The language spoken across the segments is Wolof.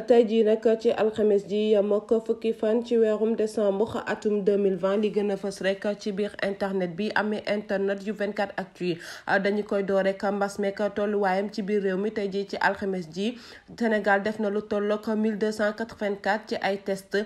tey jii nag ci alxames ji yemook fukki fan ci weerum décembre atum 2020 li gën a fës rek ci biir internet bi amee internet yu 24 actu yi dañu koy door rek mbas meek tolluwaayam ci biir réew mi tey jii ci alxames ji Sénégal def na lu tollook 1284 ci ay test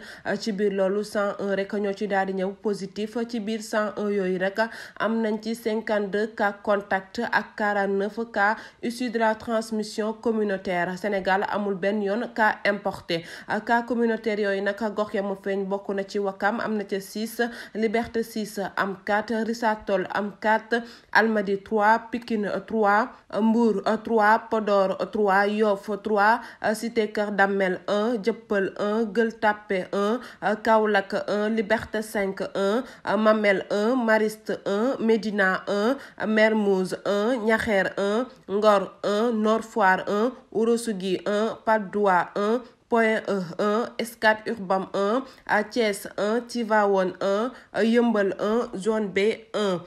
ci biir loolu 101 rek ñoo ci daal di ñëw positif ci biir 101 yooyu rek am nañ ci 52 cas contact ak 49 cas issus de la transmission communautaire Sénégal amul benn yoon cas importé euh, cas communautaire yooyu nag gox ya feeñ bokk na ci Wakam am na ca 6 Liberté 6 am 4 Risatol am 4 Almadi 3 Pikine 3 Mbour 3 Podor 3 Yoff 3 euh, Cité Keur Damel 1 Jëppal un Gueule Tapée 1 euh, Kaolack un Liberté 5 1 Mamel un Mariste un Médina un Mermoz un Niakhère 1 Ngor 1 Nord Foire 1 Ourossogui 1 1 Point 1 Scat Urbam 1 à Thiès 1 Tivaouane 1 Yeumbeul 1 zone B 1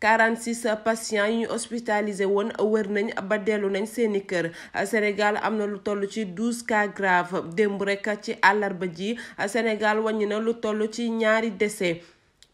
46 patients yi hospitalisé woon wër nañ ba dellu nañ seeni kër Sénégal am na lu toll ci 12 cas grave démb rek ci àllarba ji Sénégal wàññi na lu toll ci ñaari décès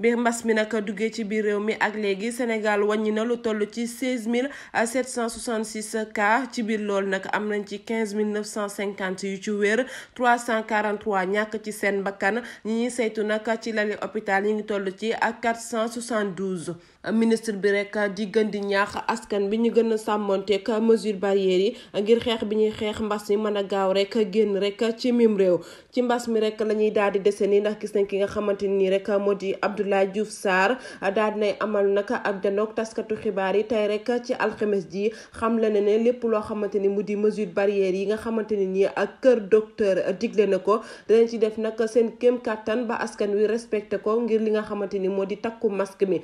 bi mbas mi nag duggee ci biir réew mi ak léegi Sénégal wàññi na lu toll ci 16 766 cas ci biir loolu nag am nañ ci 15 950 yu ci wér 343 ñàkk ci seen bakkan ñi ñuy saytu nag ci lali hôpital yi ngi toll ci ak 472 ministre bi rek di gën di ñaax askan bi ñu gën a sàmmoon te ka mesure barrières yi ngir xeex bi ñuy xeex mbas mi mën a gaaw rek génn rek ci mim réew ci mbas mi rek la ñuy daal di dese nii ndax gis nañ ki nga xamante nii rek moo di Abdoulaye Diouf Sarr daal dinay amal nag ak janoog taskatu xibaar yi tey rek ci alxemes ji xam la ne lépp loo xamante ni mu di mesure barrières yi nga xamante ne nii ak kër docteur digle na ko danañ ci def nag seen kéem kàttan ba askan wi respecté ko ngir li nga xamante ni moo di takku mask mi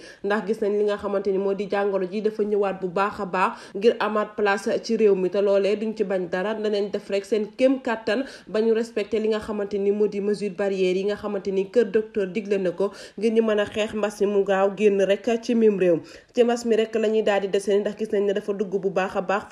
nañ li nga xamante ni moo di jàngoro ji dafa ñëwaat bu baax a baax ngir amaat place ci réew mi te loolee duñ ci bañ dara danañ def rek seen kéem kàttan ba ñu respecté li nga xamante ni moo di mesure barrière yi nga xamante ni kër docteur digle na ko ngir ñu mën a xeex mbas mu gaaw génn rek ci mim réew ci mbas mi la ñuy daal di desee ndax gis nañ ne dafa dugg bu baax a ba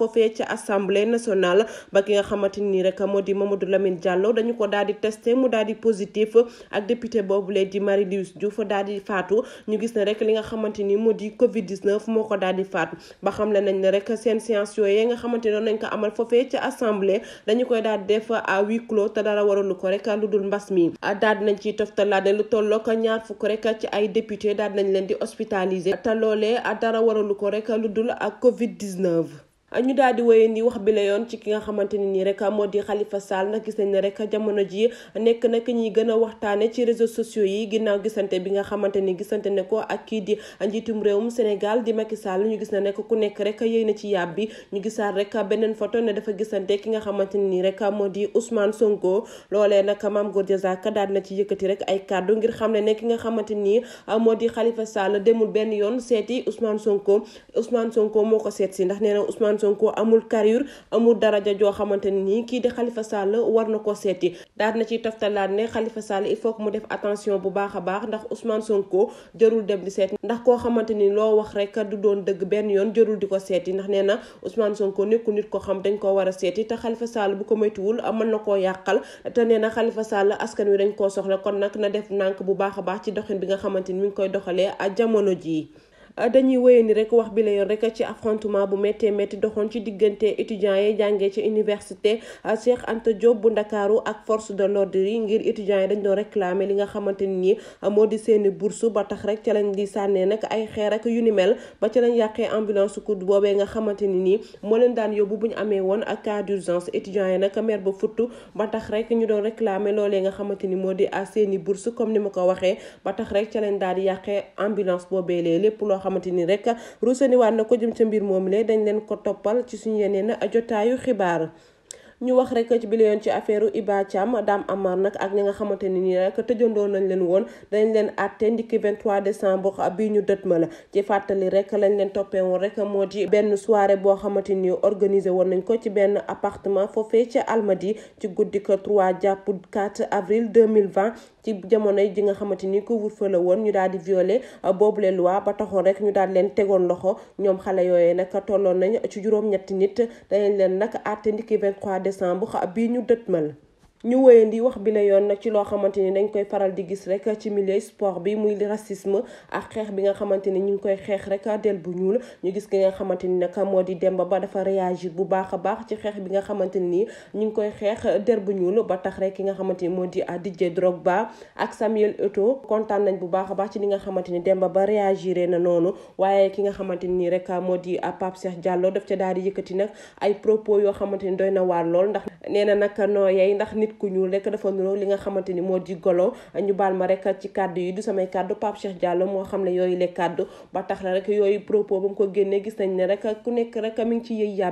ki nga xamante ni rek moo di Mamadou Lamine Diallo dañu ko daal di testé mu daal di positif ak député boobu lee di Marie Louise Diouf daal di faatu ñu gis ne rek li nga xamante moo di Covid 19 moo ko daal di faat ba xam le nañ ne rek seen séance yooyu nga xamante doon nañ ko amal foofee ci assemblée dañu koy daal def à huis te dara waralu ko rek lu dul mbas mi daal di nañ ciy toftalaat ne lu tollook ñaar fukk rek ci ay député daal di nañ leen di hospitaliser te loolee dara waralu ko rek lu dul ak Covid 19. ñu daal di woyee ni wax bi la yoon ci ki nga xamante ne nii rek moo di xalifa saal nag gis nañ ne rek jamono ji nekk nag ñuy gën a waxtaane ci réseaux sociaux yi ginnaaw gisante bi nga xamante ni gisante ne ko ak kii di njiitum réewum Sénégal di Macky Sall ñu gis na nekk ku nekk rek yëy ci yàb bi ñu gisaat rek beneen photo ne dafa gisante ki nga xamante ne nii rek moo di Ousmane Sonko loolee nag Mame Gor Diazaka daal na ci yëkkati rek ay kàddu ngir xam ne ne ki nga xamante nii moo di Khalifa Sall demul benn yoon seeti usmaan Sonko Ousmane Sonko moo ko seet si ndax nee na Sonko amul carrure amul daraja joo xamante ne nii kii di Khalifa Sall war na ko seeti daal na ciy toftalaat ne Khalifa Sall il faut que mu def attention bu baax baax ndax Ousmane Sonko jërul dem di seet ndax koo xamante ni loo wax rek du doon dëgg benn yoon jërul di ko seeti ndax nee na Ousmane Sonko nekkul nit ko xam dañ koo war seeti te Khalifa Sall bu ko moytuwul mën na koo yàqal te nee na Khalifa Sall askan wi dañ koo soxla kon nag na def nànk bu baax a baax ci doxin bi nga xamante ni mi ngi koy doxalee a jamono jii dañuy wéyee ni rek wax bi la yoon rek ci affrontement bu méttee métti doxoon ci diggante étudiants yi jàngee ci université euh, Cheikh Anta Diop bu Ndakaaru ak force de l'ordre yi ngir étudiants yi dañ doon réclamer li nga xamante ni euh, moo di seeni bourse ba tax rek ca di sànnee nag ay xeer ak yu ni ba ca lañ yàqee ambulance kud boobee nga xamante ni nii moo yóbbu bu ñu amee woon ak cas d'urgence étudiants yi nag mer ba futtu ba tax rek ñu doon réclamer loolee nga xamante ni moo di seeni bourse comme ni ma ko waxee ba tax rek ca lañ daal di yàqee ambulance boobee lépp loo xamante ni rek ruusaniwaat na ko jëm ca mbir moom le dañu leen ko toppal ci suñu yeneen jotaayu xibaar ñu wax rek ci bi la yoon ci affaire Iba Thiam Dame Amar nag ak ñi nga xamante nii rek tëjandoo nañ leen woon dañ leen àtte ndikki 23 décembre bi ñu dëtmal ci fàttali rek lañ leen toppee woon rek moo di benn soirée boo xamante ni organisé woon nañ ko ci benn appartement foofee ca Almadi ci guddi ko 3 jàpp 4 avril 2020 ci jamono ji nga xamante ni couvre fa la woon ñu daal di violer euh, boobule loi ba taxoon rek ñu daal leen tegoon loxo ñoom xale yooyee nag tolloon nañ ci juróom-ñetti nit dañ leen nag décembre bii ñu dëtmal ñu wéyandi wax bi la yoon nag ci loo xamante ni dañ koy faral di gis rek ci milieu sport bi muy racisme ak xeex bi nga xamante ni ñu ngi koy xeex rek del bu ñuul ñu gis ki nga xamante ni nag moo di Demba Ba dafa réagir bu baax a baax ci xeex bi nga xamante ni ñu ngi koy xeex der bu ñuul ba tax rek ki nga xamante ni moo di Didier Drogba ak Samuel Eto'o kontaan nañ bu baax a baax ci li nga xamante ni Demba Ba réagiré na noonu waaye ki nga xamante ni rek moo di Pape Cheikh jàlloo def ca daal di yëkkati nag ay propos yoo xamante ni doy na waar lool ndax nee na nag ndax. nit ku ñuul rek dafa niroog li nga xamante ni moo di golo ñu baal ma rek ci kàddu yi du samay kàddu Pape Cheikh moo xam ne yooyu les kàddu ba tax la rek yooyu propos ba mu ko génnee gis nañ ne rek ku nekk rek mi ngi ci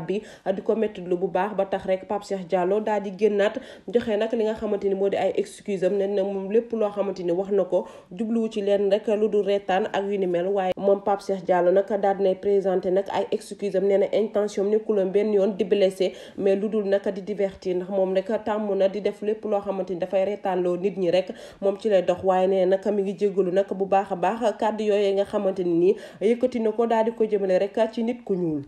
di ko mettitlu bu baax ba tax rek Pape Cheikh Diallo daal di génnaat joxe nag li nga xamante ni moo di ay excuse am ne na moom lépp loo xamante ni wax na ko jubluwu ci leen rek lu dul reetaan ak yu ni mel waaye moom Pape Cheikh Diallo nag daal dinay présenté nag ay excuse am nee na intention am nekkuloon benn yoon di blessé mais lu def lépp loo xamante ni dafay reetaanloo nit ñi rek moom ci lay dox waaye nee nag mi ngi jégalu nag bu baax a baax kàddu yooyu nga xamante ni nii a yëkkatina ko daal di ko jëmale rek ci nit ku ñuul.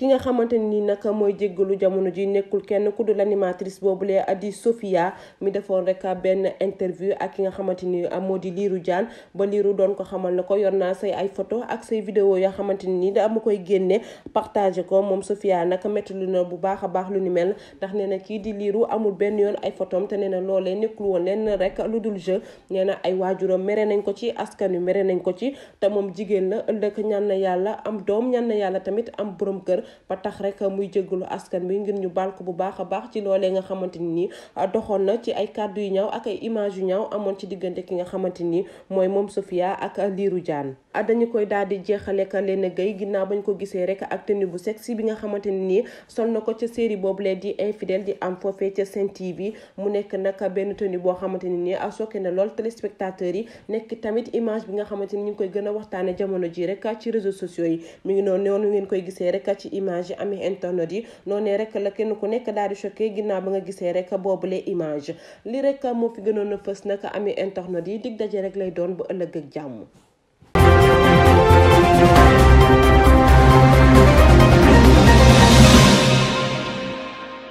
ki nga xamante nii nag mooy jéggalu jamono ji nekkul kenn ku dul animatrice boobulee di sofia mi defoon rek benn interview ak ki nga xamante ni moo di liiru Diane ba Lirou doon ko xamal na ko yor naa say ay photo ak vidéo yoo xamante ni dama koy génne partagé ko moom Sophia nag métti lu na bu baax a baax lu ni mel ndax nee na kii di liiru amul benn yoon ay photom te nee na loolee nekkul woon lenn rek lu dul jeu nee na ay waajuram mere nañ ko ci askan wi mere nañ ko ci te moom jigéen la ëllëg ñaan na yàlla am doom ñaan na yàlla tamit am borom kër ba tax rek muy jéggalu askan bi ngir ñu baal bu baax a baax ci loolee nga xamante ni ah, doxoon na ci ay kàddu yu ñaw ak ay image yu ñaw amoon ci diggante ki nga xamante ni mooy moom Sofia ak Lirou Diane ah, dañu koy daal di jeexale ak Lena Gueye ginnaaw bañ ko gisee rek ak tenue bu sexy bi nga xamante ni sol na ko ca série boobu lee di infidèle di am foofee ca Sen TV mu nekk nag benn tenue boo xamante nii ni ah, choqué na lool téléspectateurs yi nekk tamit image bi nga xamante ni ñu ngi koy gën a waxtaane jamono ji rek ci réseaux sociaux yi mi ngi noonu ngeen koy gisee rek ci image yi amee internet yi noonee rek la kenn ku nekk daal di choqué ginnaaw ba nga gisee rek boobule image li rek moo fi gënoon a fës nag amee internet yi dig daje rek lay doon bu ëllëg ak jàmm